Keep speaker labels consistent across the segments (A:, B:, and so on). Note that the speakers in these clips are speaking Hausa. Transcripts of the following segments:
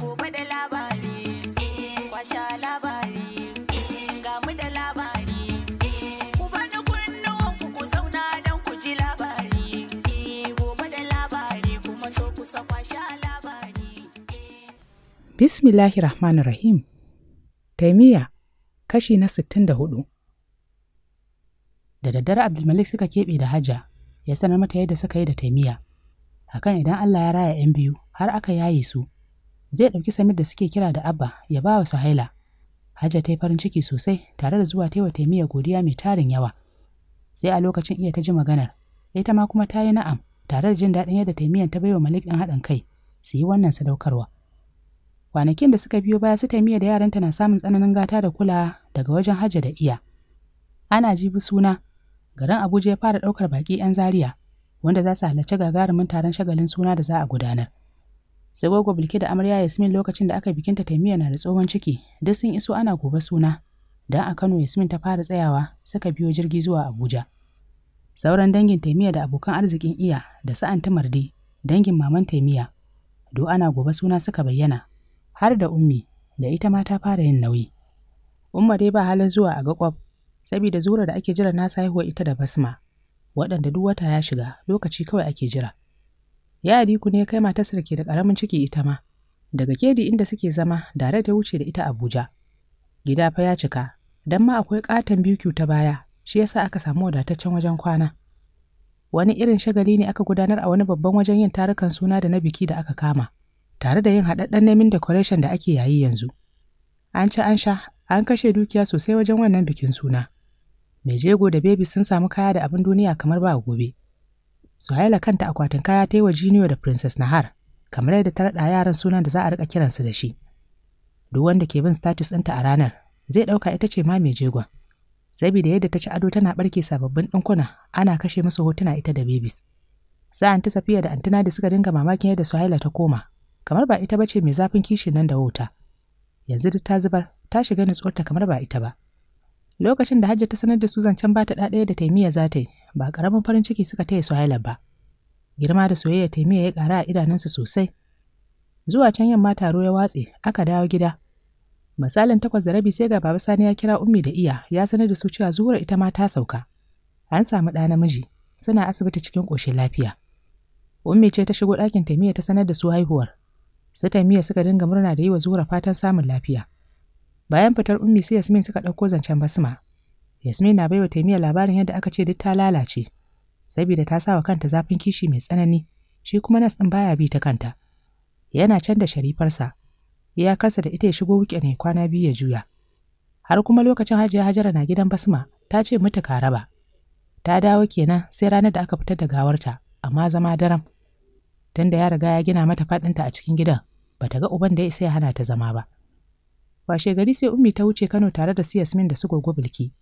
A: gobe da labari eh, kwasha labari eh, ga mu da labari eh, ku bani kunnuwan ku ku zauna don ku ji labari gobe da labari kuma so ku sa kwasha labari
B: bismillahir rahmanir rahim taimiyya kashi na sittin da hudu. da daddare abdulmalik suka keɓe da hajja ya sanar mata yadda suka yi da taimiya akan idan allah ya raya 'yan biyu har aka yaye su zai ɗauki samir da suke kira da abba ya ba wa suhaila hajja ta yi farin ciki sosai tare da zuwa taiwa taimiya godiya mai tarin yawa sai a lokacin iya ta ji maganar ita ma kuma ta yi na'am tare da jin daɗin yadda taimiyyar ta baiwa malik ɗin haɗin kai su yi wannan sadaukarwa kwanakin da suka biyo baya su taimiya da yaranta na samun tsananin gata da kula daga wajen hajja da iya ana jibi suna garin abuja ya fara ɗaukar baƙi 'yan zaria wanda za su halarci gagarumin taron shagalin suna da za a gudanar sai gogo bilki da amarya yasmin lokacin da aka bikinta taimiya na da tsohon ciki duk sun iso ana gobe suna don a kano yasmin ta fara tsayawa suka biyo jirgi zuwa abuja sauran dangin taimiya da abokan arzikin iya da sa'an tamardi dangin maman taimiya do ana gobe suna suka bayyana har da ummi da ita ma ta fara yin nauyi umma dai ba halin zuwa a gakwab saboda zura da ake jira na haihuwa ita da basma waɗanda duk wata ya shiga lokaci kawai ake jira ya ne ne kai matarsa da da ƙaramin ciki ita ma. Daga kedi inda suke zama, dare ta wuce da ita Abuja. Gida fa ya cika, dan ma akwai ƙaton biyu ta baya, shi yasa aka samu wadataccen wajen kwana. Wani irin shagali ne aka gudanar a wani babban wajen yin tarukan suna da na biki da aka kama, tare da yin haɗaɗɗen nemin decoration da ake yayi yanzu. An ci an sha, an kashe dukiya sosai wajen wannan bikin suna. Mai jego da bebi sun samu kaya da abin duniya kamar ba gobe. Suhaila kanta akwatin kaya ta yi wa Jiniyo da Princess Nahar, kamar yadda ta raɗa yaran sunan da za a riƙa kiransu da shi. Duk wanda ke bin status ɗinta a ranar zai ɗauka ita ce ma mai jegon. Saboda yadda ta ci ado tana barke sababbin ɗinkuna ana kashe musu hotuna ita da babies. Sa'an ta Safiya da Antina da suka dinga mamakin yadda Suhaila ta koma, kamar ba ita ba ce mai zafin kishin nan da wuta Yanzu duk ta zubar, ta shiga nutsuwarta kamar ba ita ba. Lokacin da Hajja ta sanar da su zancen ba ta ɗaya da taimiya za ta yi, ba ƙaramin farin ciki suka taya Suhaila ba. Girma da soyayya taimiya ya ƙara a idanunsu sosai. Zuwa can yamma taro ya watse, aka dawo gida. Misalin takwas da rabi sai ga Baba Sani ya kira Ummi da Iya ya sanar da su cewa Zuhura ita ma ta sauka. An samu ɗa namiji, suna asibiti cikin ƙoshin lafiya. Ummi ce ta shigo ɗakin taimiya ta sanar da su haihuwar. Su taimiya suka dinga murna da yi wa Zuhura fatan samun lafiya. Bayan fitar Ummi sai Yasmin suka ɗauko zancen Basma. Yasmin na baiwa Taimiya labarin yadda aka ce duk ta lalace, saboda ta sa wa kanta zafin kishi mai tsanani, shi kuma nas ɗin baya bi ta kanta. Yana can da sharifarsa, iyakarsa da ita ya shigo wuke ne kwana biyu ya juya. Har kuma lokacin Hajiya Hajara na gidan Basma, ta ce mata ka raba. Ta dawo kenan sai ranar da aka fitar da gawarta, amma zama daram. Tunda ya riga ya gina mata faɗinta a cikin gidan, bata ga uban da ya isa ya hana ta zama ba. washe gari sai ummi ta wuce kano tare da su yasmin da su gogo bilki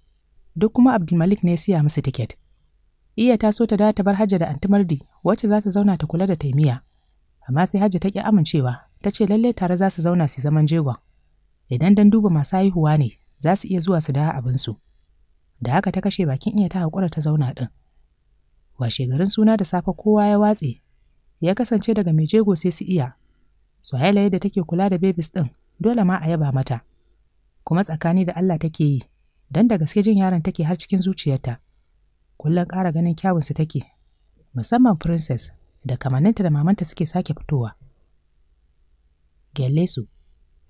B: duk kuma abdulmalik ne ya siya musu tiket iya ta so ta dawo ta bar hajja da antimardi wacce za ta zauna ta kula da taimiya amma sai hajja ta ki amincewa ta ce lallai tare za su zauna su zaman jegon idan dan duba masu haihuwa ne za su iya zuwa su da abinsu da haka ta kashe bakin iya ta haƙura ta zauna ɗin washe garin suna da safe kowa ya watse ya kasance daga mai jego sai su iya suhaila yadda take kula da bebis ɗin dole ma a yaba mata. Kuma tsakani da Allah take yi, dan da gaske jin yaron take har cikin zuciyarta. Kullum ƙara ganin kyawun su take, musamman Princess da kamanninta da mamanta suke sake fitowa. Gellesu,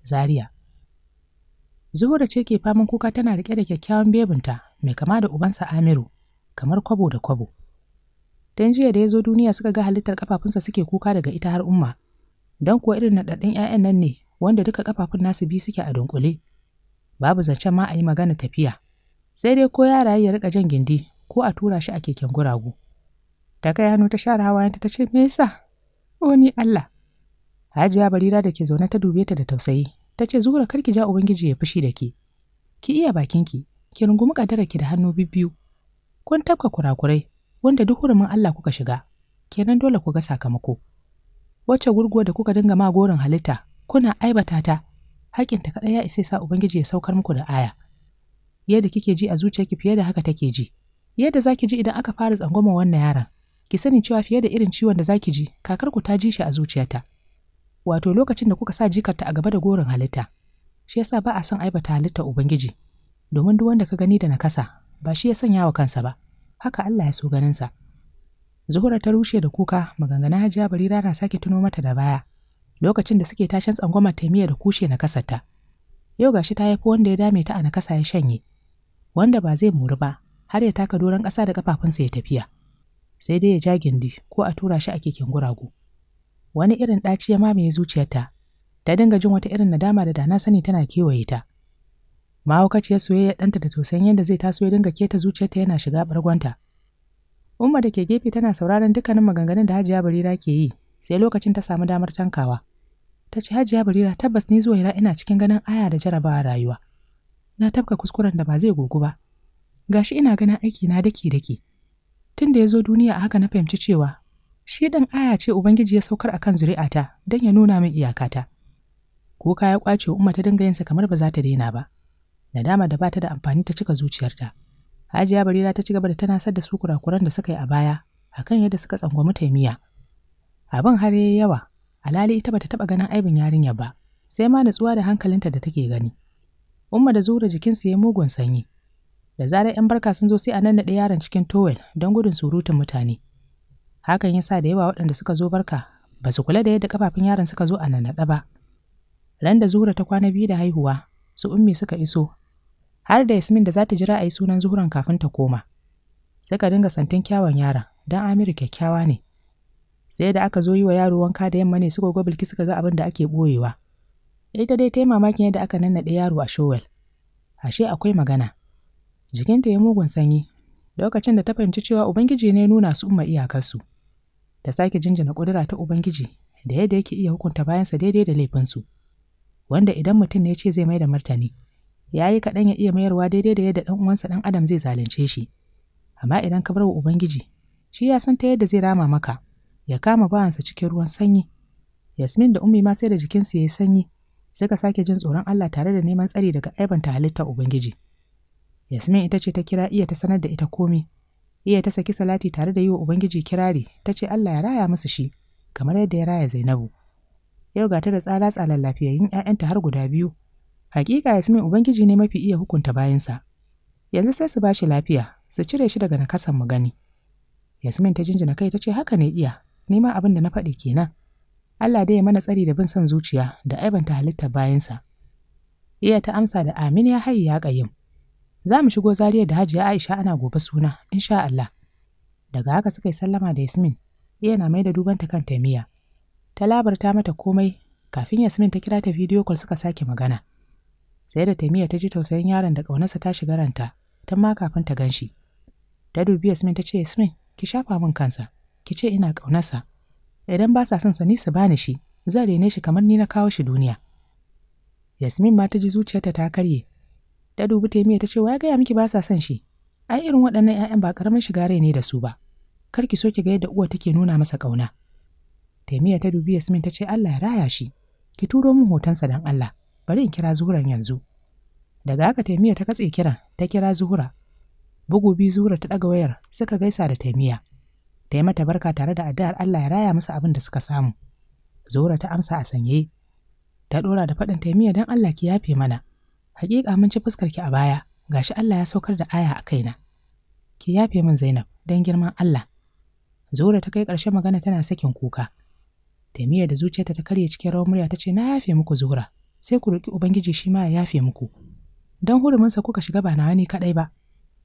B: Zaria. Zuhura ce ke faman kuka tana rike da kyakkyawan bebinta mai kama da ubansa Amiru, kamar kwabo da kwabo. dan jiya da ya zo duniya suka ga halittar kafafunsa suke kuka daga ita har umma, don kuwa irin naɗaɗɗun ‘ya'yan nan ne wanda duka kafafun nasu biyu suke a dunkule babu zancen ma a yi magana tafiya sai dai ko yara ya rika jan gindi ko a tura shi a keken guragu ta kai hannu ta share hawayenta ta ce me yasa o ni Allah Hajiya Barira da ke zaune ta dube ta da tausayi ta ce zuhura kar ki ja ubangiji ya fushi da ke ki iya bakinki ki rungumi kadara ki da hannu bibbiyu kun tafka kurakurai wanda duk hurumin Allah kuka shiga kenan dole ku ga sakamako wacce gurguwa da kuka dinga ma gorin halitta kuna aibata ta ta kaɗai ya isa sa ubangiji ya saukar muku da aya yadda kike ji a zuciyarki fiye da haka take ji yadda zaki ji idan aka fara tsangwama wannan yaron ki sani cewa fiye da irin ciwon da zaki ji kakar ku ta ji shi a zuciyarta wato lokacin da kuka sa jikarta a gaba da gorin halitta shi yasa ba a son aibata halitta ubangiji domin duk wanda ka gani da nakasa ba shi ya sanya wa kansa ba haka Allah ya so ganin sa. zuhura ta rushe da kuka maganganun hajiya barira na sake tuno mata da baya lokacin da suke tashin tsangwamar taimiyya da kushe na kasata. Yau gashi ta haifi wanda ya dame ta a nakasa ya shanye, wanda ba zai muri ba har ya taka doron ƙasa da ƙafafunsa ya tafiya. Sai dai ya ja gindi ko a tura shi a keken guragu. Wani irin ɗaci ya mamaye zuciyarta, ta dinga jin wata irin nadama da dana sani tana kewaye ta. Mahaukaciyar soyayya ɗanta da tausayin yadda zai taso ya dinga keta zuciyarta yana shiga bargonta. Umma da ke gefe tana sauraron dukkanin maganganun da Hajiya Barira ke yi, sai lokacin ta samu damar tankawa. ta ce hajiya barira tabbas ni zuwa ina cikin ganin aya da jarabawa rayuwa na tafka kuskuren da ba zai gogu ba gashi ina ganin aiki na dake dake tun da ya zo duniya a haka na fahimci cewa shi ɗan aya ce ubangiji ya saukar akan zuri'ata don ya nuna min iyakata ko ya kwace umma ta dinga yinsa kamar ba za ta daina ba nadama da bata da amfani ta cika zuciyarta hajiya barira ta cigaba gaba tana sar da su kurakuran da suka yi a baya akan yadda suka tsangwami taimiya abin har yayi yawa lalai, ita bata taɓa ganin aibin yarinya ba sai ma nutsuwa da hankalinta da take gani umma da zura jikinsu ya mugun sanyi da zarar 'yan barka sun zo sai a nannaɗe yaron cikin towel don gudun surutun mutane hakan ya sa da yawa waɗanda suka zo barka ba su kula da yadda kafafun yaron suka zo a nannaɗe ba ran da zuhura ta kwana biyu da haihuwa su ummi suka iso har da yasmin da za ta jira a yi sunan zuhuran kafin ta koma suka dinga santin kyawun yaron don amiru kyakkyawa ne sai da aka zo yi wa yaro wanka da yamma ne suka ga bilki suka ga abin da ake boyewa ita dai ta mamakin yadda aka nannaɗe yaro a showel ashe akwai magana jikinta ya mugun sanyi lokacin da ta fahimci cewa ubangiji ne nuna su umma iyakarsu ta sake jinjina ƙudura ta ubangiji da yadda yake iya hukunta bayansa daidai da laifinsu wanda idan mutum ne ya ce zai mai da martani ya yi kaɗan ya iya mayarwa daidai da yadda ɗan uwansa ɗan adam zai zalunce shi amma idan ka bar wa ubangiji shi ya san ta yadda zai rama maka ya kama bawansa cikin ruwan sanyi yasmin da ummi ma sai da jikinsu ya yi sanyi sai ka sake jin tsoron Allah tare da neman tsari daga aibanta halittar ubangiji yasmin ita ce ta kira iya ta sanar da ita komi iya ta saki salati tare da yi wa ubangiji kirari ta ce Allah ya raya musu shi kamar yadda ya raya zainabu yau ga ta da tsala tsalan lafiyayyun 'ya'yanta har guda biyu hakika yasmin ubangiji ne mafi iya hukunta bayansa yanzu sai su ba shi lafiya su cire shi daga nakasan mu gani yasmin ta jinjina kai ta ce haka ne iya ni ma abin da na faɗi kenan. Allah dai ya mana tsari da bin son zuciya da aibanta halitta bayansa. Iya ta amsa da amin ya hayi ya ƙayyim. Za mu shigo zariyar da Hajiya Aisha ana gobe suna, insha Allah. Daga haka suka yi sallama da Yasmin, iya na mai da dubanta kan Tamiya. Ta labarta mata komai kafin Yasmin ta kira ta bidiyo call suka sake magana. Sai da Tamiya ta ji tausayin yaron da ƙaunarsa ta shiga ranta, tun ma kafin ta gan shi. Ta dubi Yasmin ta ce, Yasmin, ki shafa min kansa. ki ce ina ƙaunarsa. Idan ba sa son sa ni su bani shi, zan rene shi kamar ni na kawo shi duniya. Yasmin ma ta ji zuciyarta ta karye. Ta dubi Taimiya ta ce wa gaya miki ba sa son shi. Ai irin waɗannan 'ya'yan ba ƙaramin shiga rai ne da su ba. Kar ki so ki ga yadda uwa take nuna masa ƙauna. Taimiya ta dubi Yasmin ta ce Allah ya raya shi. Ki turo min hotonsa dan Allah. Bari in kira Zuhuran yanzu. Daga haka Taimiya ta katse kiran, ta kira Zuhura. Bugu bi Zuhura ta ɗaga wayar, suka gaisa da Taimiya. ta yi mata barka tare da addu'ar Allah ya raya masa abin da suka samu. Zora ta amsa a sanye, ta ɗora da faɗin taimiyya don Allah ki yafe mana. Hakika mun ci fuskar ki a baya, gashi Allah ya saukar da aya a kaina. Ki yafe min Zainab don girman Allah. Zora ta kai ƙarshen magana tana sakin kuka. Taimiyya da zuciyarta ta karya cikin rawar murya ta ce na yafe muku Zora, sai ku roƙi Ubangiji shi ma ya yafe muku. Don huruminsa kuka shiga ba nawa ni kaɗai ba,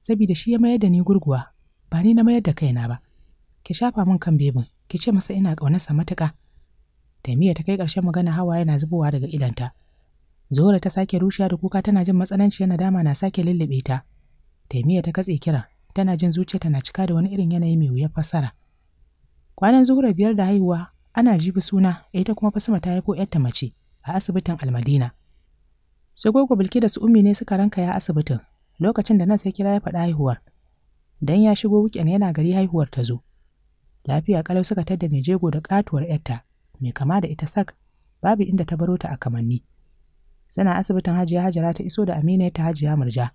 B: saboda shi ya mayar da ni gurguwa, ba ni na mayar da kaina ba. ki shafa min kan bebin, ki ce masa ina ƙaunarsa matuƙa. Taimiyya ta kai ƙarshen magana hawa yana zubowa daga idanta. Zuhura ta sake rushiya da kuka tana jin matsananci yana dama na sake lullube ta. tamiya ta katse kira, tana jin zuciya tana cika da wani irin yanayi mai wuyar fassara. Kwanan Zuhura biyar da haihuwa, ana jibi suna, ita kuma Fasima ta haifo ‘yarta mace a asibitin Almadina. Sai gogo Bilki da su ummi ne suka ranka ya asibitin, lokacin da nan sai kira ya faɗa haihuwar. Dan ya shigo wuken yana gari haihuwar ta zo. lafiya kalau suka tadda mai jego da katuwar yarta mai kama da ita sak babu inda ta baro ta a kamanni sana asibitin hajiya hajara ta iso da amina ta hajiya murja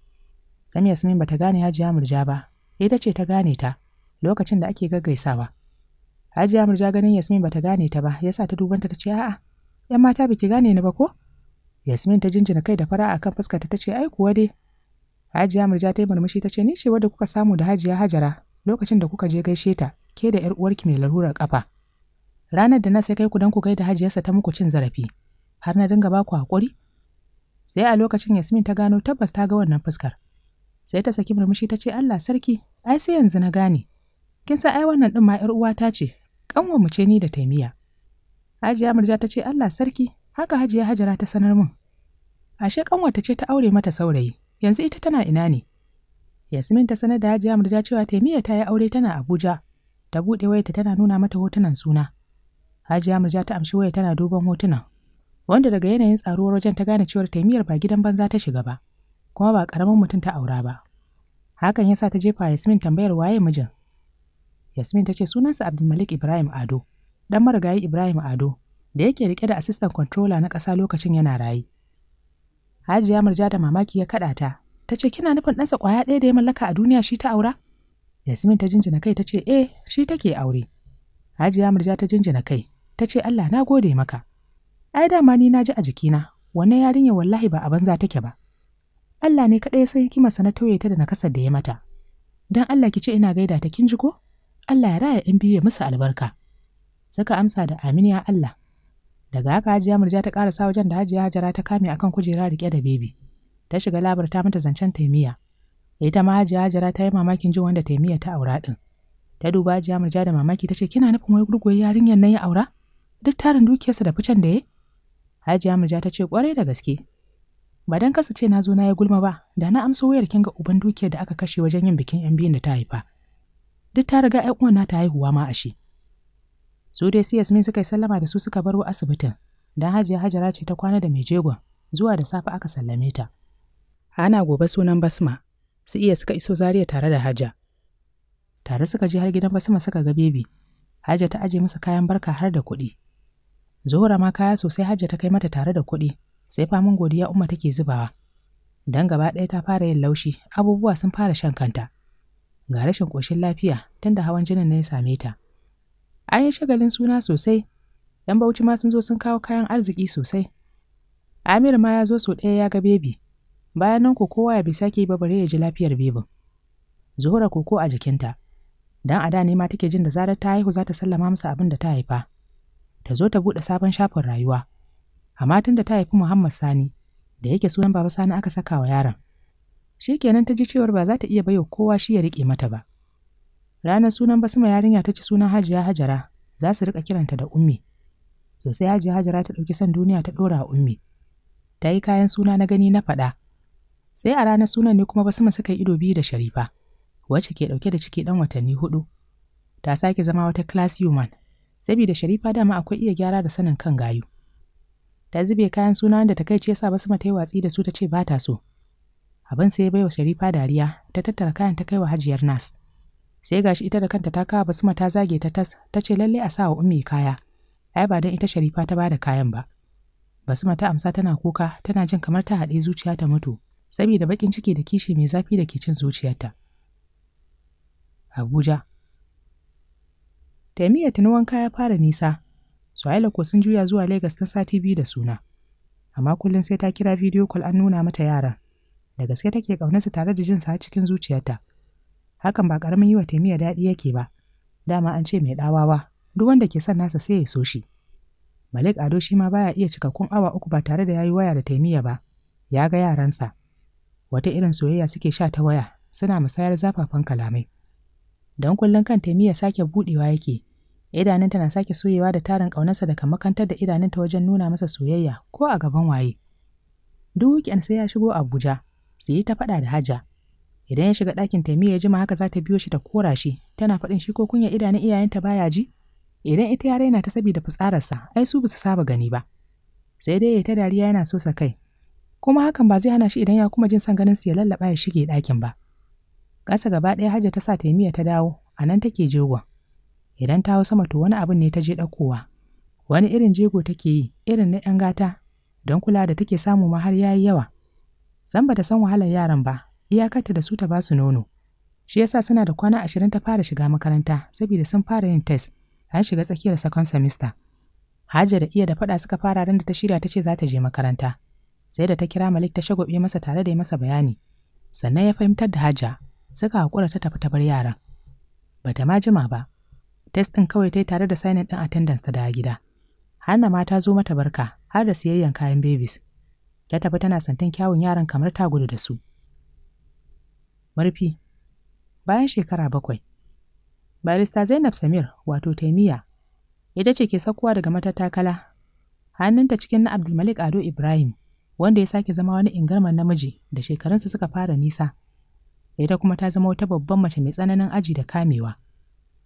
B: sam yasmin bata gane hajiya murja ba ita ce ta gane ta lokacin da ake gaggaisawa hajiya murja ganin yasmin bata gane ta ba yasa ta dubanta ta ce a'a yan mata biki gane ni ba ko yasmin ta jinjina kai da fara akan fuskarta ta ce ai kuwa dai hajiya murja ta yi murmushi ta ce ni ce wadda kuka samu da hajiya hajara lokacin da kuka je gaishe ta ke da ‘yar uwarki mai larurar ƙafa. Ranar da na sai kai ku don ku gaida hajiyarsa ta muku cin zarafi, har na dinga ba ku haƙuri? Sai a lokacin Yasmin ta gano tabbas ta ga wannan fuskar. Sai ta saki murmushi ta ce Allah sarki, ai sai yanzu na gane. Kin sa ai wannan ɗin ma ‘yar uwata ce, mu ce ni da taimiya. Hajiya Murja ta ce Allah sarki, haka Hajiya Hajara ta sanar min. Ashe ƙanwata ce ta aure mata saurayi, yanzu ita tana ina ne? Yasmin ta sanar da Hajiya Murja cewa taimiya ta yi aure tana Abuja, ta buɗe wayarta tana nuna mata hotunan suna. Hajiya Murja ta amshi waya tana duban hotunan. Wanda daga yanayin tsaruwar wajen ta gane cewar taimiyar ba gidan banza ta shiga ba, kuma ba ƙaramin mutum ta aura ba. Hakan ya sa ta jefa Yasmin tambayar waye mijin. Yasmin ta ce sunansa Abdulmalik Ibrahim Ado, dan marigayi Ibrahim Ado, da yake rike da assistant controller na kasa lokacin yana raye. Hajiya Murja da mamaki ya kaɗa ta, ta ce kina nufin ɗansa ƙwaya ɗaya da ya mallaka a duniya shi ta aura? Yasmin ta jinjina kai ta ce, "Eh, shi take aure." Hajiya Murja ta jinjina kai, ta ce, "Allah na gode maka." Ai dama ni na ji a jikina, wannan yarinya wallahi ba a banza take ba. Allah ne kaɗai sai hikima na tauye ta da na kasar da ya mata. dan Allah ki ce ina gaida ta kin ji ko? Allah ya raya in biye musu albarka. Saka amsa da amin ya Allah. Daga haka Hajiya Murja ta ƙarasa wajen da Hajiya Hajara ta kame akan kujera riƙe da bebi. Ta shiga labar ta mata zancen taimiya. ita ma hajiya hajara ta yi mamakin jin wanda taimiya ta aura ɗin ta duba hajiya murja da mamaki ta ce kina nufin wai gurgoyi yarinyar nan ya aura duk tarin dukiyarsa da ficen da ya hajiya murja ta ce kwarai da gaske ba dan kasa ce na zo na yi gulma ba da na amsa wayar kin ga uban dukiyar da aka kashe wajen yin bikin yan biyun da ta haifa duk ta riga ƴan uwan ta haihuwa ma ashe su dai su yasmin suka yi sallama da su suka baro asibitin dan hajiya hajara ce ta kwana da mai jegon zuwa da safe aka sallame ta ana gobe sunan basma su iya suka iso Zaria tare da Haja. Tare suka je har gidan Basima suka ga bebi. Haja ta aje masa kayan barka har da kuɗi. Zuhura ma kaya sosai Haja ta kai mata tare da kuɗi, sai famin godiya Umma take zubawa. Dan gaba ɗaya ta fara yin laushi, abubuwa sun fara shan kanta. Ga rashin ƙoshin lafiya tunda hawan jinin na ya same ta. An yi shagalin suna sosai, ‘yan Bauchi ma sun zo sun kawo kayan arziki sosai. Amir ma ya zo so ɗaya ya ga bebi, bayan nan ko kowa ya bi sake ba bare ya ji lafiyar bibin. zuhura koko a jikinta dan a da ne ma take jin da zarar ta haihu za ta sallama masa abin da ta haifa ta zo ta buɗe sabon shafin rayuwa amma tun da ta haifi muhammad sani da yake sunan baba sani aka saka wa yaron shi kenan ta ji cewa ba za ta iya baiwa kowa shi ya rike mata ba ranar sunan basma yarinya ta ci sunan hajiya hajara za su riƙa kiranta da ummi sosai hajiya hajara ta ɗauki son duniya ta ɗora a ummi ta yi kayan suna na gani na faɗa Sai a ranar sunan ne kuma Basu suka yi ido biyu da Sharifa, wacce ke ɗauke da ciki ɗan watanni hudu. Ta sake zama wata class human, saboda Sharifa dama akwai iya gyara da sanin kan gayu. Ta zube kayan suna wanda ta kai ce yasa Basma ta yi watsi da su ta ce ba ta so. Abin sai ya baiwa Sharifa dariya, ta tattara kayan ta kai wa Hajiyar Nas. Sai gashi ita da kanta ta kawo Basma ta zage ta tas, ta ce lallai a sa wa ummi kaya. Ai ba don ita Sharifa ta bada kayan ba. Basma ta amsa tana kuka, tana jin kamar ta haɗe zuciya ta mutu. saboda baƙin ciki da kishi mai zafi da ke cin zuciyarta. Abuja Taimiyya ta na wanka ya fara nisa, Suhaila ko sun juya zuwa Legas ta sati biyu da suna, amma kullum sai ta kira bidiyo call an nuna mata yaran, da gaske take ƙaunarsa tare da jin sa cikin zuciyarta. Hakan ba ƙaramin yi wa Taimiyya daɗi yake ba, dama an ce mai ɗawawa, duk wanda ke son nasa sai ya so shi. Malik Ado shi ma baya iya cikakkun awa uku ba tare da ya yi waya da Taimiyya ba, ya ga yaransa. wata irin soyayya suke sha ta waya suna musayar zafafan kalamai. Don kullum kan taimiyya sake buɗewa yake, idanunta na sake soyewa da tarin ƙaunarsa da makantar da idanunta wajen nuna masa soyayya ko a gaban waye. Duk sai ya shigo Abuja, su yi ta faɗa da Haja. Idan ya shiga ɗakin taimiyya ya jima haka za ta biyo shi ta kora shi, tana faɗin shi ko kunya idanun iyayenta baya ji? Idan ita ya raina ta sabida fitsararsa, ai su basu saba gani ba. Sai dai ya ta dariya yana so sa kai, kuma hakan ba zai hana shi idan ya kuma jin son ganin su ya lallaba ya shige ɗakin ba. Ƙasa gaba ɗaya Hajja ta sa taimiya ta dawo, a nan take jego. Idan ta hau sama to wani abin ne ta je ɗaukowa. Wani irin jego take yi, irin na ‘yan gata, don kula da take samu ma har yayi yawa. Zan ba ta san wahalar yaran ba, iyakarta da su ta ba su nono. Shi yasa suna da kwana ashirin ta fara shiga makaranta, saboda sun fara yin test, an shiga tsakiyar sakon semester. Hajja da iya da faɗa suka fara ran da ta shirya ta ce za ta je makaranta. sai da ta kira Malik ta shagwabe masa tare da yi masa bayani. Sannan ya fahimtar da Hajja, suka haƙura ta tafi ta bar yaran. Ba ta ma jima ba, test ɗin kawai ta yi tare da sainin ɗin attendance ta da gida. Hanna ma ta zo mata barka har da siyayyan kayan babies. Ta tafi tana santan kyawun yaran kamar ta gudu da su. Murfi, bayan shekara bakwai, barista Zainab Samir wato Taimiya ita ce ke sakuwa daga matattakala hannunta cikin na Abdulmalik Ado Ibrahim wanda ya sake zama wani ingarman namiji da shekarunsa suka fara nisa. Ita kuma ta zama wata babban mace mai tsananin aji da kamewa.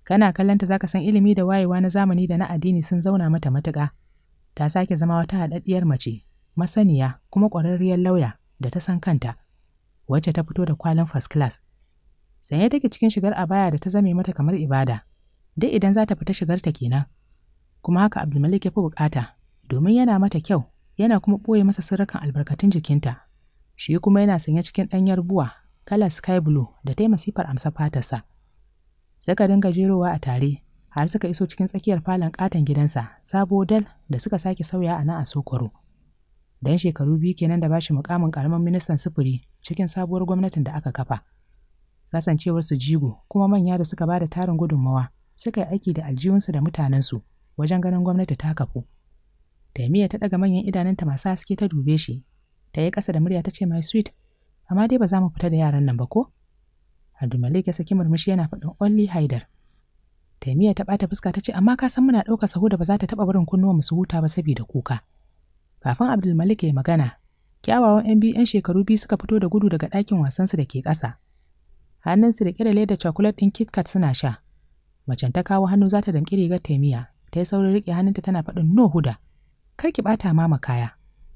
B: Kana kallonta zaka san ilimi da wayewa na zamani da na addini sun zauna mata matuƙa. Ta sake zama wata haɗaɗɗiyar mace, masaniya kuma ƙwararriyar lauya da ta san kanta, wacce ta fito da kwalin first class. Sanye take cikin shigar abaya da ta zame mata kamar ibada, duk idan za ta fita shigarta kenan. Kuma haka Abdulmalik ya fi bukata, domin yana mata kyau yana kuma ɓoye masa sirrikan albarkatun jikinta, shi kuma yana sanye cikin ɗanyar buwa, kala sky blue da ta yi masifar amsa fatarsa. Suka dinga jerowa a tare, har suka iso cikin tsakiyar falon ƙaton gidansa, sabo dal da suka sake sauya a nan a Sokoro. Dan shekaru biyu kenan da bashi mukamin ƙaramin ministan sufuri cikin sabuwar gwamnatin da aka kafa. Kasancewarsu jigo kuma manya da suka ba da tarin gudunmawa suka yi aiki da aljihunsu da mutanensu wajen ganin gwamnati ta kafu. Taymiya ta ɗaga manyan idanunta masu haske ta dube shi. Ta yi ƙasa da murya ta ce, mai sweet, amma dai ba za mu fita da yaran nan ba ko? Abdulmalik ya saki murmushi yana faɗin Only Haidar. Taimiya ta ɓata fuska ta ce, amma ka san muna ɗaukar sahu da ba za ta taɓa barin kunnuwan su huta ba saboda kuka. Kafin Abdulmalik ya yi magana, kyawawan ‘yan biyu ‘yan shekaru biyu suka fito da gudu daga ɗakin su da ke ƙasa. su da da leda chocolate ɗin Kit Kat suna sha. Macen ta kawo hannu za ta damƙi rigar Taimiya, ta yi saurin riƙe hannunta tana faɗin no huda. kar ki bata mama kaya,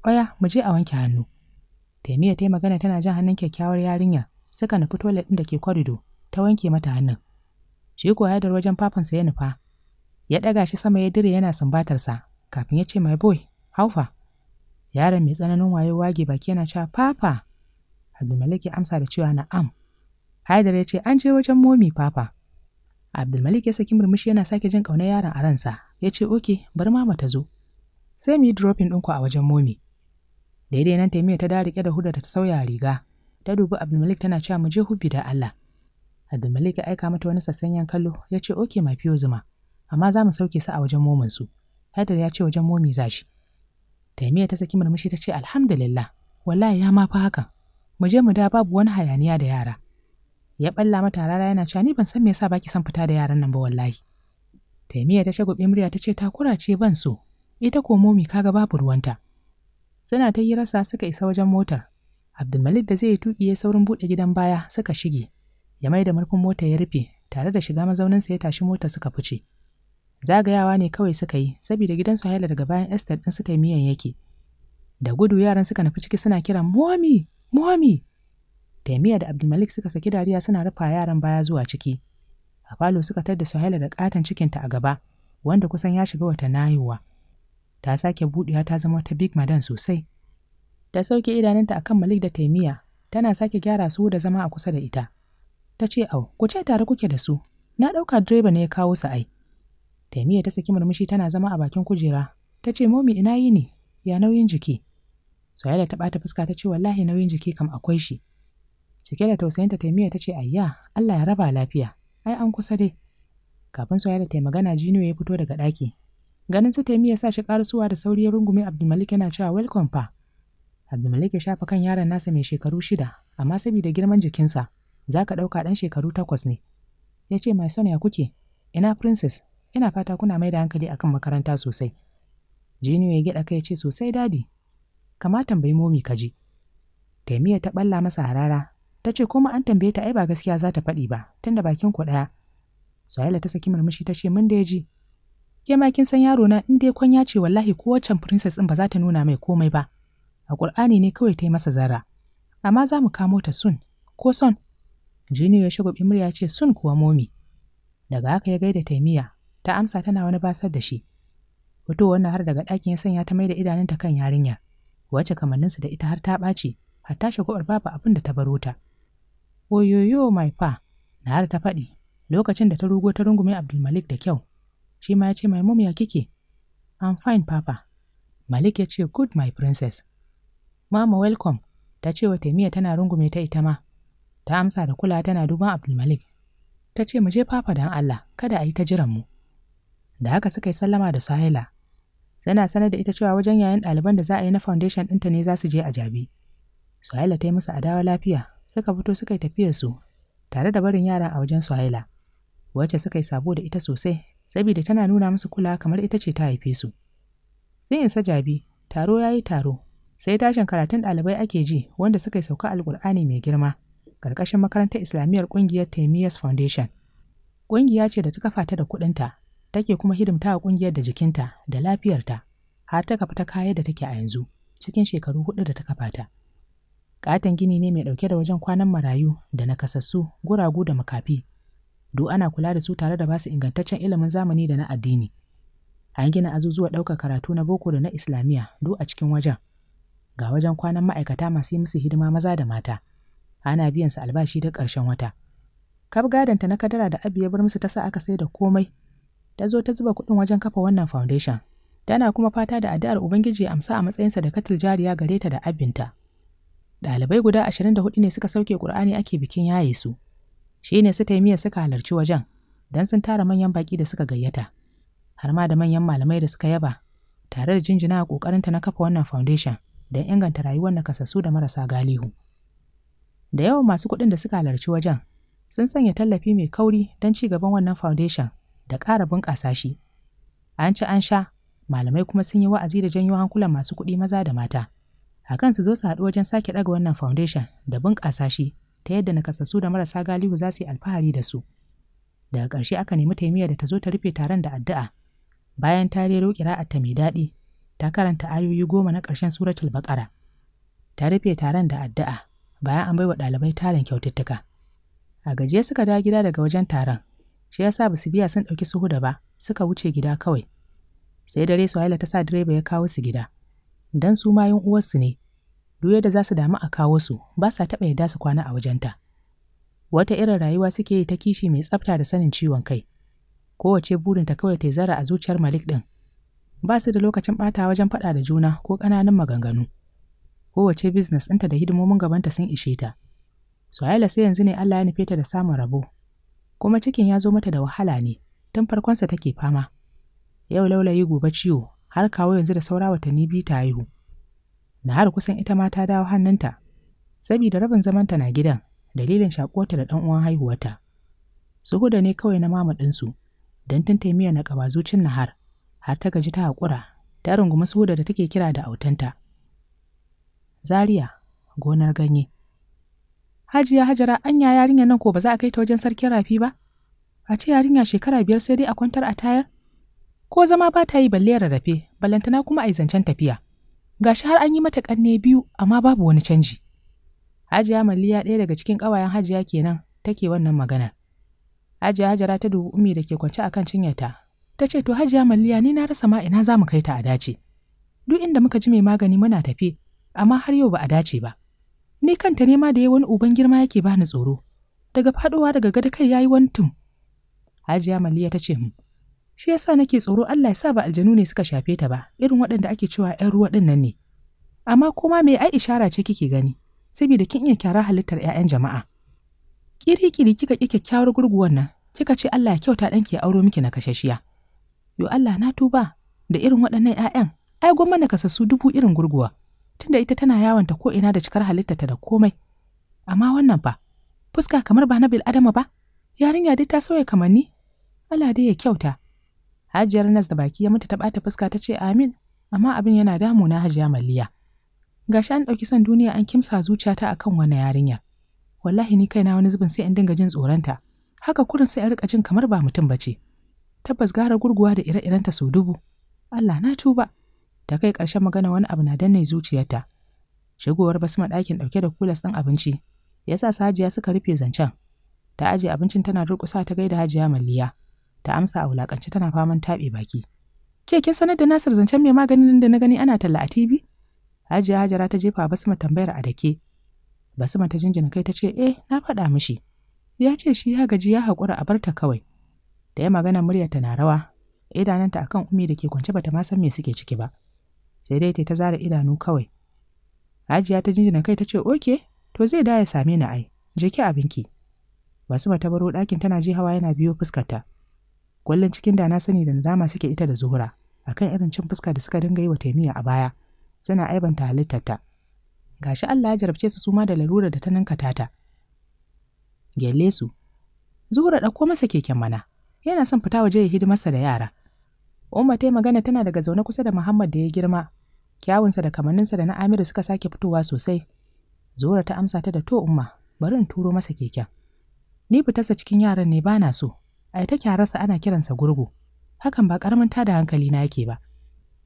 B: oya mu je a wanke hannu. Taimiya ta yi magana tana jan hannun kyakkyawar yarinya suka nufi tole ɗin da ke kwarido ta wanke mata hannun. Shi kuwa dar wajen fafansa ya nufa. Ya ɗaga shi sama ya dire yana sumbatarsa kafin ya ce my boy haufa. Yaron mai tsananin wayo wage baki yana cewa papa. Abdulmalik ya amsa da cewa na'am. Haidar ya ce an je wajen momi papa. Abdulmalik ya saki murmushi yana sake jin ƙaunar yaron a ransa ya ce oke bar mama ta zo. sai mu yi dropin ɗinku a wajen momi. Daidai nan Taimiyya ta da riƙe da huda ta sauya riga, ta dubi Abdulmalik tana cewa mu je hubbi da Allah. Abdulmalik ya aika mata wani sassanyen kallo ya ce oke ma fiyo zuma, amma za mu sauke su a wajen momin su. Haidar ya ce wajen momi za shi. Taimiyya ta saki murmushi ta ce alhamdulillah, wallahi ya ma fa hakan. Mu je mu da babu wani hayaniya da yara. Ya balla mata rara yana cewa ni ban san me yasa baki son fita da yaran nan ba wallahi. Taimiyya ta shagwabe murya ta ce takura ce ban so, Ita ko momi kaga babu ruwanta. Suna ta hirarsa suka isa wajen motar. Abdulmalik da zai tuki ya saurin buɗe gidan baya suka shige. Ya mai da murfin mota ya rufe tare da shiga mazauninsa ya tashi mota suka fice. Zagayawa ne kawai suka yi saboda gidan Suhaila daga bayan Esther ɗin su miyan yake. Da gudu yaran suka nufi ciki suna kiran momi, momi. Taimiya da Abdulmalik suka saki dariya suna rufa yaran baya zuwa ciki. A falo suka tar da Suhaila da katon cikinta a gaba, wanda kusan ya shiga wata haihuwa. ta sake buɗewa ta zama wata big madan sosai. Ta sauke idanunta akan Malik da Taimiya, tana sake gyara su da zama a kusa da ita. Ta ce au, ku ce tare kuke da su, na ɗauka direba ne ya kawo su ai. Taimiya ta saki murmushi tana zama a bakin kujera, ta ce momi ina yi ne, ya nauyin jiki. da ta ɓata fuska ta ce wallahi nauyin jiki kam akwai shi. Cike da tausayinta Taimiya ta ce ayya, Allah ya raba lafiya, ai an kusa dai. Kafin da ta magana Jiniyo ya fito daga ɗaki, Ganin su taimi ya sa shi karasuwa da sauri ya rungume Abdulmalik yana cewa welcome fa. Abdulmalik ya shafa kan yaron nasa mai shekaru shida, amma saboda girman jikinsa, za ka ɗauka ɗan shekaru takwas ne. Ya ce, My son ya kuke, ina princess, ina fata kuna mai da hankali akan makaranta sosai. Jini ya gyaɗa kai ya ce sosai dadi, kama tambayi momi ka ji. Taimiya ta ɓalla masa harara, ta ce koma an tambaye ta ai ba gaskiya za ta faɗi ba, tunda bakin ku ɗaya. Suhaila ta saki murmushi ta ce mun da ya ji, Ke ma kin san yaro na in dai kwanya ce wallahi ko waccan princess din ba za ta nuna mai komai ba. A Qur'ani ne kawai ta yi masa zara. Amma za mu kamo ta sun, ko son? Jini ya bi murya ce sun kuwa momi. Daga haka ya gaida taimiya, ta amsa tana wani basar da shi. Fito wannan har daga ɗakin ya sanya ta mai da idanunta kan yarinya, wacce kamanninsu da ita har ta ɓaci, hatta shagwabar babu abin da ta baro ta. Oyoyo mai fa, har ta faɗi, lokacin da ta rugo ta rungume Abdulmalik da kyau, shi ma ya ce mai mum ya kike I'm fine papa Malik ya ce good my princess Mama welcome ta ce wa Taimiya tana rungume ta ita ma ta amsa da kula tana duban Abdulmalik ta ce mu je papa dan Allah kada a yi ta jiran mu da haka suka yi sallama da Suhaila na sanar da ita cewa wajen yayin ɗaliban da za a yi na foundation ɗinta ne za su je a jabi Suhaila ta yi musu adawa lafiya suka fito suka yi tafiyar su tare da barin yaran a wajen Suhaila wacce suka yi sabo da ita sosai saboda tana nuna musu kula kamar ita ce ta haife su. Sun isa Jabi taro ya yi taro, sai tashin karatun ɗalibai ake ji wanda suka yi sauka alƙur'ani mai girma, ƙarƙashin makarantar Islamiyyar ƙungiyar Taimiyas Foundation. Ƙungiya ce da ta kafa ta da kuɗinta, take kuma hidimta wa ƙungiyar da jikinta da lafiyarta, har ta kafa ta kaya da take a yanzu, cikin shekaru huɗu da ta kafa ta. Ƙaton gini ne mai ɗauke da wajen kwanan marayu da nakasassu, guragu da makafi, do ana kula da su tare da basu ingantaccen ilimin zamani da na addini. An gina azuzuwa ɗaukar karatu na boko da na Islamiyya do a cikin wajen. Ga wajen kwanan ma'aikata masu yi musu hidima maza da mata. Ana biyan su albashi da ƙarshen wata. Kaf gadanta na kadara da Abi ya bar musu ta sa aka sai da komai. Ta zo ta zuba kuɗin wajen kafa wannan foundation. Tana kuma fata da addu'ar Ubangiji amsa a matsayinsa da katil jariya gare ta da abinta. Dalibai guda ashirin da hudu ne suka sauke Ƙur'ani ake bikin yaye su. Shi ne su taimiya suka halarci wajen, don sun tara manyan baƙi da suka gayyata, har ma da manyan malamai da suka yaba, tare da jinjina a ƙoƙarinta na kafa wannan foundation don inganta rayuwar nakasassu da marasa galihu. Da yawan masu kuɗin da suka halarci wajen, sun sanya tallafi mai kauri don ci gaban wannan foundation da ƙara bunƙasa shi. An ci an sha, malamai kuma sun yi wa'azi da janyo hankulan masu kuɗi maza da mata. Akan su zo su haɗu wajen sake ɗaga wannan foundation da bunƙasa shi ta yadda nakasassu da marasa galihu za su yi alfahari da su. Daga ƙarshe aka nemi taimiyya da ta zo ta rufe taron da addu'a. Bayan ta rero ta mai daɗi, ta karanta ayoyi goma na ƙarshen suratul baƙara. Ta rufe taron da addu'a bayan an baiwa ɗalibai tarin kyaututtuka. A gajiya suka dawo gida daga wajen taron, shi ya sa ba su biya sun ɗauki su huda ba, suka wuce gida kawai. Sai dare su ta sa direba ya kawo su gida. Dan su ma yin uwarsu ne, duk yadda za su damu a kawo su ba sa taɓa yadda su kwana a wajenta. Wata irin rayuwa suke yi ta kishi mai tsafta da sanin ciwon kai. Kowace burinta kawai ta zara a zuciyar Malik ɗin. Ba su da lokacin ɓata wajen faɗa da juna ko ƙananan maganganu. Kowace biznes ɗinta da hidimomin gabanta sun ishe ta. Suhaila sai yanzu ne Allah ya nufe ta da samun rabo. Kuma cikin ya zo mata da wahala ne, tun farkonsa take fama. Yau laulayi gobe ciwo, har kawo yanzu da saura watanni biyu ta haihu. na har kusan ita ma ta dawo hannunta, sabida rabin zamanta na gidan dalilin shakuwarta da ɗan uwan haihuwarta. Su huda ne kawai na mama ɗinsu, don tun miya na ƙaba zucin nahar, har ta gaji ta haƙura, ta rungumi su da take kira da autanta. Zaria, gonar ganye. Hajiya Hajara anya yarinya nan ko ba za a kai ta wajen sarkin rafi ba? A ce yarinya shekara biyar sai dai a kwantar a tayar? Ko zama ba ta yi balle rarrafe, ballantana kuma a yi zancen tafiya. Gashi har an yi mata kanne biyu amma babu wani canji. Hajiya Maliya ɗaya daga cikin ƙawayen Hajiya kenan take wannan magana. Hajiya Hajara ta dubi Umi da ke kwance akan cinyarta. Ta ce to Hajiya Maliya ni na rasa ma ina za mu kai ta a dace. Duk inda muka ji mai magani muna tafe amma har yau ba a dace ba. Ni kanta ne ma da yayi uban girma yake bani tsoro. Daga faɗowa daga gada kai yayi wani tum. Hajiya Maliya ta ce hmm. shi yasa nake tsoro Allah ya sa ba aljanu ne suka shafe ta ba irin waɗanda ake cewa 'yan ruwa ɗin nan ne amma kuma me ai ishara ce kike gani saboda kin iya kyara halittar 'ya'yan jama'a kiri-kiri kika ƙi kyakkyawar gurguwan nan kika ce Allah ya kyauta ɗanki ya auro miki na kashashiya yo Allah na tuba da irin waɗannan 'ya'yan ai gwamma na su dubu irin gurguwa tunda ita tana yawanta ko ina da cikar halitta ta da komai amma wannan fa fuska kamar ba na bil adama ba yarinya dai ta sauya kamanni Allah dai ya kyauta Hajiyar Nas da baki ya mutu ta ɓata fuska ta ce amin, amma abin yana damu na hajiya malliya. Gashi an ɗauki son duniya an kimsa zuciyata akan wani yarinya. Wallahi ni kaina wani zubin sai in dinga jin tsoronta. Haka kurin sai in rika jin kamar ba mutum ba ce. Tabbas gara gurguwa da ire iren ta sau dubu. Allah na tuba. Ta kai ƙarshen magana wani abu na danne zuciyarta. Shigowar basma ɗakin ɗauke da kulas ɗin abinci. Ya sa su hajiya suka rufe zancen. Ta ajiye abincin tana durƙusa ta gaida hajiya malliya. ta amsa a wulakance tana faman taɓe baki. Ke kin sanar da Nasir zancen mai maganin da na gani ana talla a TV? Hajiya Hajara ta jefa Basma tambayar a dake. Basma ta jinjina kai ta ce, "Eh, na faɗa mishi." Ya ce shi ya gaji ya haƙura a barta kawai. Da ya magana murya ta na rawa, idananta akan umi da ke kwance bata ma san me suke ciki ba. Sai dai ta zara idanu kawai. Hajiya ta jinjina kai ta ce, "Oke, to zai da ya same ni ai, je ki abinki." Basma ta baro ɗakin tana ji hawa yana biyo fuskarta. ta. Kwallon cikin da na sani da nadama suke ita da Zuhura, a kan irin cin fuska da suka dinga yi wa Taimiya a baya, suna aibanta halittarta. Gashi Allah ya jarabce su suma da lalurar da ta ninka tata. Gyalle su. Zuhura ɗauko masa keken mana, yana son fita waje ya hidimarsa da yara. Umma ta magana tana daga zaune kusa da Muhammad da ya girma, kyawunsa da kamanninsa da na Amiru suka sake fitowa sosai. Zuhura ta amsa ta da to umma, bari in turo masa keken. Ni fitarsa cikin yaran ne bana so, a ta kyararsa ana kiransa gurgu hakan ba karamin tada hankali na yake ba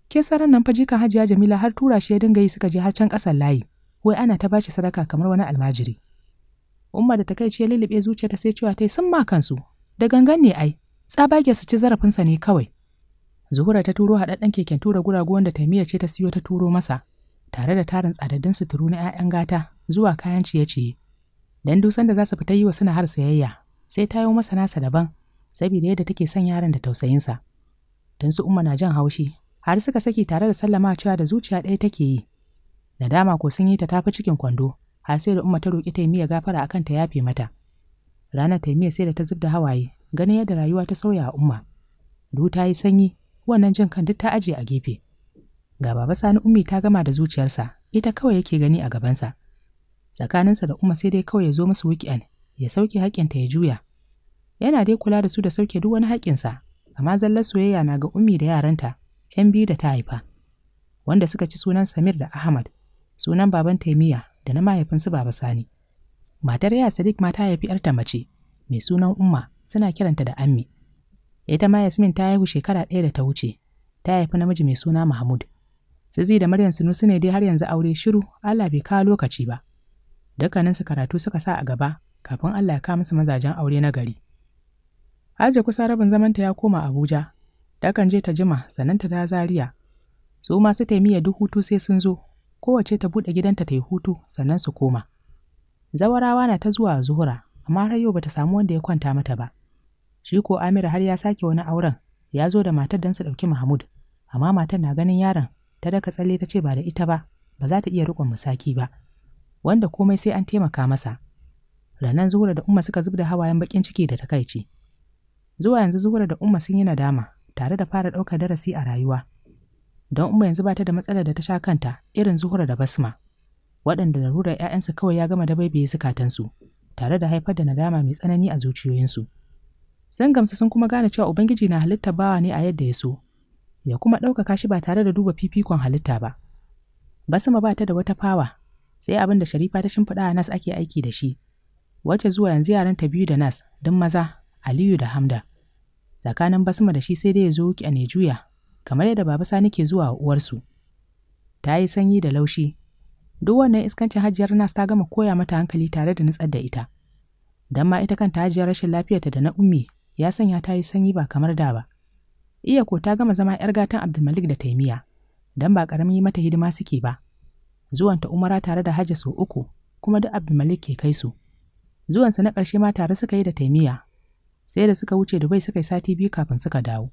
B: ke saran nan fa jikan hajiya jamila har tura shi ya dinga yi suka je har can kasar layi wai ana ta bashi sadaka kamar wani almajiri umma da takaici ya zuciya zuciyarta sai cewa ta yi sun ma kansu da gangan ne ai tsabage su ci zarafinsa ne kawai zuhura ta turo haɗaɗɗen keken tura guragu wanda taimiyya ce ta siyo ta turo masa tare da tarin su suturu na 'ya'yan gata zuwa kayan ciye-ciye dan dusan da za su fita yi wa suna har sayayya sai ta yi masa nasa daban saboda yadda take son yaron da tausayinsa. tun su umma na jan haushi, har suka saki tare da sallama cewa da zuciya ɗaya take yi. Nadama ko sun yi ta tafi cikin kwando, har sai da umma ta roƙi taimiya gafara akan ta yafe mata. Ranar taimiya sai da ta zub da hawaye, ganin yadda rayuwa ta sauya a umma. Du ta yi sanyi, wannan jin kan duk ta aje a gefe. Ga baba Sani ummi ta gama da zuciyarsa, ita kawai yake gani a gabansa. Tsakaninsa da umma sai dai kawai ya zo musu weekend, ya sauke haƙƙinta ya juya, yana dai kula da su da sauke duk wani haƙƙinsa, amma zallar soyayya na ga ummi da yaranta, ‘yan biyu da ta haifa, wanda suka ci sunan Samir da Ahmad, sunan baban taimiya da na mahaifinsu Baba Sani. Matar ya Sadiq ma ta haifi ‘yarta mace, mai sunan Umma, suna kiranta da Ammi. Ita ma Yasmin ta haihu shekara ɗaya da ta wuce, ta haifi namiji mai suna Mahmud. Zizi da Maryam Sunusu ne dai har yanzu aure shiru, Allah bai kawo lokaci ba. Dukkaninsu karatu suka sa a gaba, kafin Allah ya kawo musu mazajen aure na gari. Hajiya kusa rabin zamanta ya koma Abuja, kan je ta jima sannan ta da Zaria. Su ma su taimiya duk hutu sai sun zo, kowace ta buɗe gidanta ta yi hutu sannan su koma. Zawarawa na ta zuwa zuhura, amma har yau bata samu wanda ya kwanta mata ba. Shi ko Amira har ya sake wani auren, ya zo da matar don su ɗauki Mahmud, amma matar na ganin yaron, ta daka tsalle ta ce ba da ita ba, ba za ta iya riƙon musaki ba. Wanda komai sai an taimaka masa. Ranan Zuhura da Umma suka zub da hawayen baƙin ciki da takaici. Zuwa yanzu Zuhura da Umma sun yi nadama, tare da fara ɗaukar darasi a rayuwa. Don Umma yanzu ba ta da matsalar da ta sha kanta irin Zuhura da Basma, waɗanda larurar 'ya'yansu kawai ya gama da baibaye zukatansu, tare da haifar da nadama mai tsanani a zuciyoyinsu. Sun gamsu sun kuma gane cewa Ubangiji na halitta bawa ne a yadda ya so, ya kuma ɗaukaka shi ba tare da duba fifikon halitta ba. Basma ba ta da wata fawa, sai abin da Sharifa ta shimfiɗa a Nas ake aiki da shi, wacce zuwa yanzu yaranta biyu da Nas, don maza Aliyu da Hamda. Tsakanin Basma da shi sai dai ya zo wuki ne juya, kamar yadda Baba Sani ke zuwa wa uwarsu. Ta yi sanyi da laushi, duk wannan iskancin hajiyar nas ta gama koya mata hankali tare da nutsar da ita. Dan ma ita kanta hajiyar rashin lafiyarta da na ummi ya sanya ta yi sanyi ba kamar da ba. Iya ko ta gama zama 'yar gatan Abdulmalik da Taimiya, dan ba ƙaramin mata hidima suke ba. Zuwanta Umara tare da Hajja sau uku, kuma duk Abdulmalik ke kai su. Zuwansa na ƙarshe ma tare suka yi da Taimiya, sai da suka wuce Dubai suka yi sati biyu kafin suka dawo.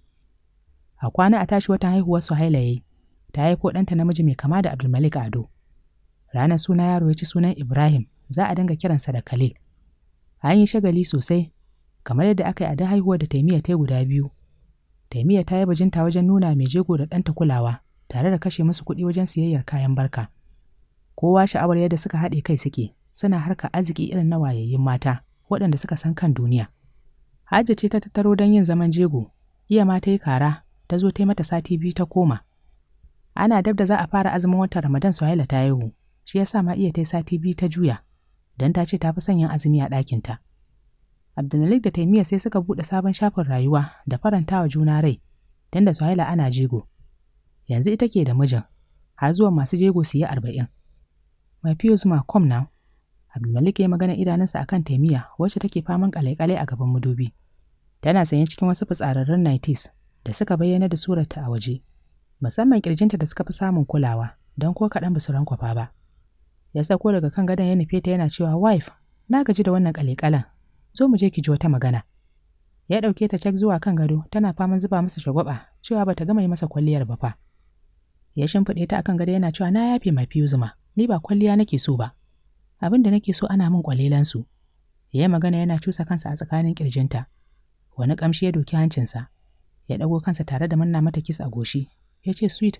B: A kwana a tashi watan haihuwar su hailaye, ta haifo ɗanta namiji mai kama da Abdulmalik Ado. Ranar suna yaro ya ci sunan Ibrahim, za a dinga kiransa da Khalil. An yi shagali sosai, kamar yadda aka yi a haihuwar da taimiya ta yi guda biyu. Taimiyya ta yi bajinta wajen nuna mai jego da ɗanta kulawa, tare da kashe musu kuɗi wajen siyayyar kayan barka. Kowa sha'awar yadda suka haɗe kai suke, suna harka arziki irin na wayayyun mata, waɗanda suka san kan duniya. Hajji ce ta tattaro don yin zaman jego, iya ma ta yi kara, ta zo ta mata sati biyu ta koma. Ana dab da za a fara azumin watan Ramadan Suhaila ta haihu, shi ya sa ma iya ta yi sati biyu ta juya, don ta ce ta fi son yin azumi a ɗakinta. Abdulmalik da Taimiyya sai suka buɗe sabon shafin rayuwa da farantawa juna rai, don da Suhaila ana jego. Yanzu ita ke da mijin, har zuwa masu jego su yi arba'in. My Pius ma come now. Abdulmalik ya magana idanunsa akan kan Taimiya wacce take faman kalai-kalai a gaban madubi. Tana sanye cikin wasu fitsararren 90s da suka bayyana da surarta a waje, musamman kirjinta da suka fi samun kulawa don ko kaɗan ba su rankwafa ba. Ya sako daga kan gadon ya nufe ta yana cewa wife na gaji da wannan kalai-kalan zo mu je ki ji wata magana. Ya ɗauke ta cak zuwa kan gado tana faman zuba masa shagwaba cewa bata gama yi masa kwalliyar ba fa. Ya shimfiɗe ta akan gado yana cewa na yafe mafi zuma ni ba kwalliya nake so ba. abin da nake so ana min kwalelansu. Ya yi magana yana cusa kansa a tsakanin ƙirjinta. Wani ƙamshi ya doki hancinsa. Ya ɗago kansa tare da manna mata kis a goshi. Ya ce, Sweet,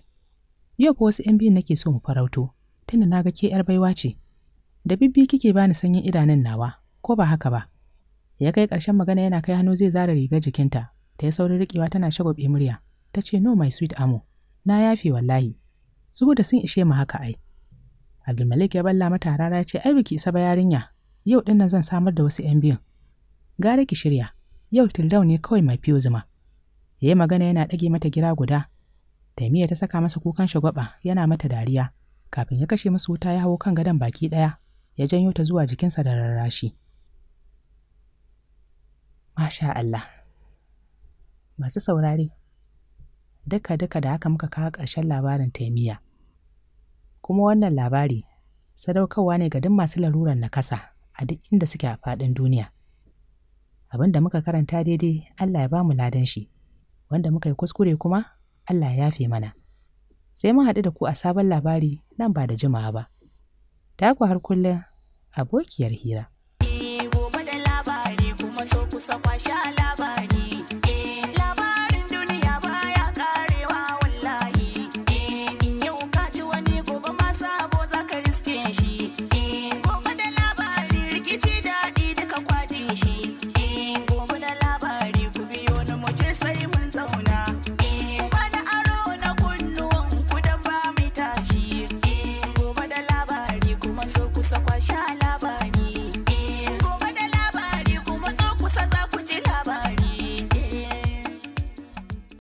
B: yau fa wasu ‘yan biyun nake so mu farauto, tunda na ga ke ‘yar baiwa ce. Da bibbi kike bani sanyin idanun nawa, ko ba haka ba. Ya kai ƙarshen magana yana kai hannu zai zara rigar jikinta, ta ya saurin riƙewa tana shagwaɓe murya. Ta ce, No, my sweet amo, na yafe wallahi. Su da sun ishe mu haka ai. Abdulmalik ya balla mata rara ce ai biki isa ba yarinya. Yau dinnan zan samar da wasu 'yan biyun. Gara ki shirya. Yau tildau ne kawai mai fiyo zuma. Ya yi magana yana ɗage mata gira guda. taimiya ta saka masa kukan gwaba yana mata dariya. Kafin ya kashe musu wuta ya hawo kan gadon baki ɗaya, ya janyo ta zuwa jikinsa da rarrashi. Masha Allah. Masu saurare, duka-duka da haka muka kawo ƙarshen labarin taimiyya. kuma wannan labari sadaukarwa ne ga duk masu larurar nakasa a duk inda suke a faɗin duniya. Abin da muka karanta daidai Allah ya ba mu ladan shi, wanda muka yi kuskure kuma Allah ya yafe mana. Sai mun haɗu da ku a sabon labari nan ba da jimawa ba. ku har kullum abokiyar hira.